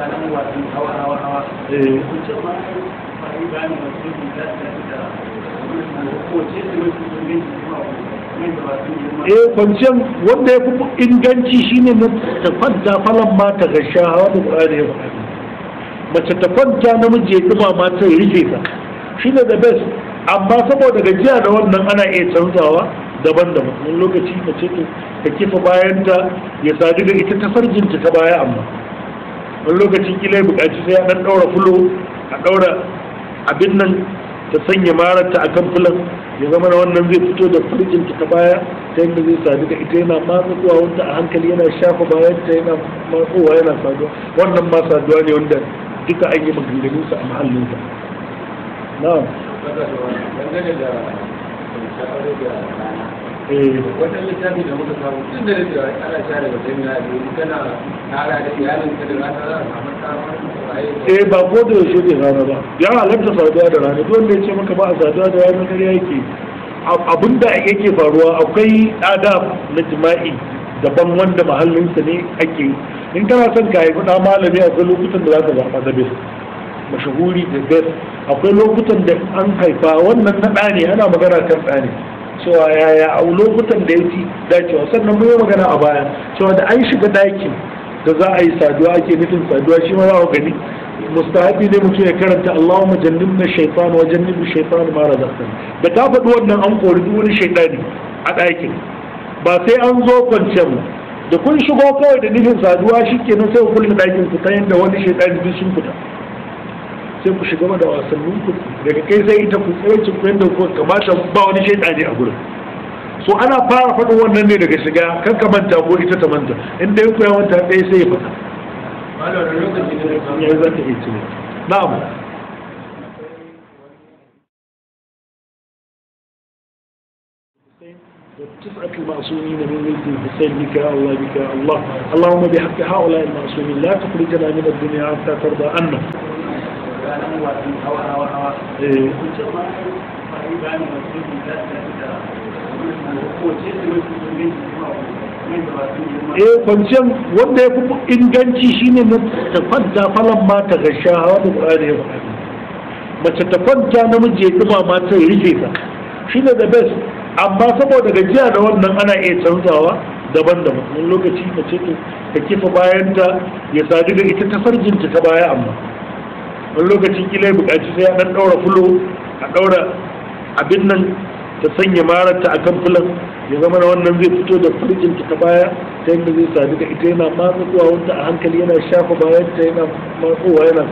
Eh, wanda ya fi inganci shine ta kwanta falon mata ga shahawa da ƙwari ya mace ta kwanta namiji ya ɗuma mata ya ka. ta shine da best amma saboda gajiya da wannan ana iya canzawa daban-daban wani lokaci mace ta kifa bayanta ya sadu da ita ta farjinta ta baya amma wani lokacin kila ya buƙaci sai a ɗan ɗaura fulo a ɗaura abin nan ta sanya mararta a kan fulan ya zama na wannan zai fito da firjin ta baya ta yadda zai sadu da ita yana matsuwa wanda a hankali yana shafa bayan ta yana matsuwa yana saduwa wannan ma saduwa ne wanda duka an yi maganganun sa a mahallin sa na'am Eh, wannan littafi da muka samu tun da rage ana share da kai na biyu kana tara da iyalin ka da rana za a samu tsawon eh ba ko da yaushe ne rana ba ya halatta saduwa da rana duk wanda ya ce maka ba a saduwa da rana kare yake abinda yake faruwa akwai adab na jima'i daban wanda mahallinsa ne ake in kana son ka haifi ɗa malami akwai lokutan da za ka zaɓa da best mashahuri da best akwai lokutan da an haifa wannan na ɗa ne ana magana kan ɗa ne cewa yaya a lokutan da ya ci dacewa sannan mun yi magana a baya cewa da an shiga ɗakin da za a yi saduwa ake nufin saduwa shi ma za a gani mustahabi ne mutum ya karanta Allahumma na shaifan wa na shaifan ma razaqtana da ta faɗi wannan an kori duk wani shaidani a ɗakin ba sai an zo kwance mu da kun shigo kawai da nufin saduwa shi kenan sai ku kulle ɗakin ku ta yadda wani shaidani duk sun fita sai ku shiga da wasannin ku daga kai sai ita ku tsirci ku yadda ku kamata ba wani shaidani a gurin so ana fara faɗin wannan ne daga shiga kan ka manta ko ita ta manta in dai ku ya manta ɗaya sai ya faɗa na'am تسعة المعصومين من ولد الحسين بك الله بك الله اللهم بحق هؤلاء المعصومين لا تخرجنا من الدنيا حتى ترضى عنا Eh, wanda ya fi inganci shine ta kwanta falon mata ga shahawa da ƙwari ya mace ta kwanta namiji ya ɗuma mata ya rike ta shine da best amma saboda gajiya da wannan ana iya canzawa daban-daban wani lokaci mace ta kifa bayanta ya sadu da ita ta farjinta ta baya amma wani lokacin kila ya buƙaci sai ya ɗan ɗaura fulo a ɗaura abin nan ta sanya mararta a kan fulan ya zama na wannan zai fito da firjin ta baya ta yadda zai sadu da ita yana matsuwa wanda a hankali yana shafa bayan ta yana matsuwa yana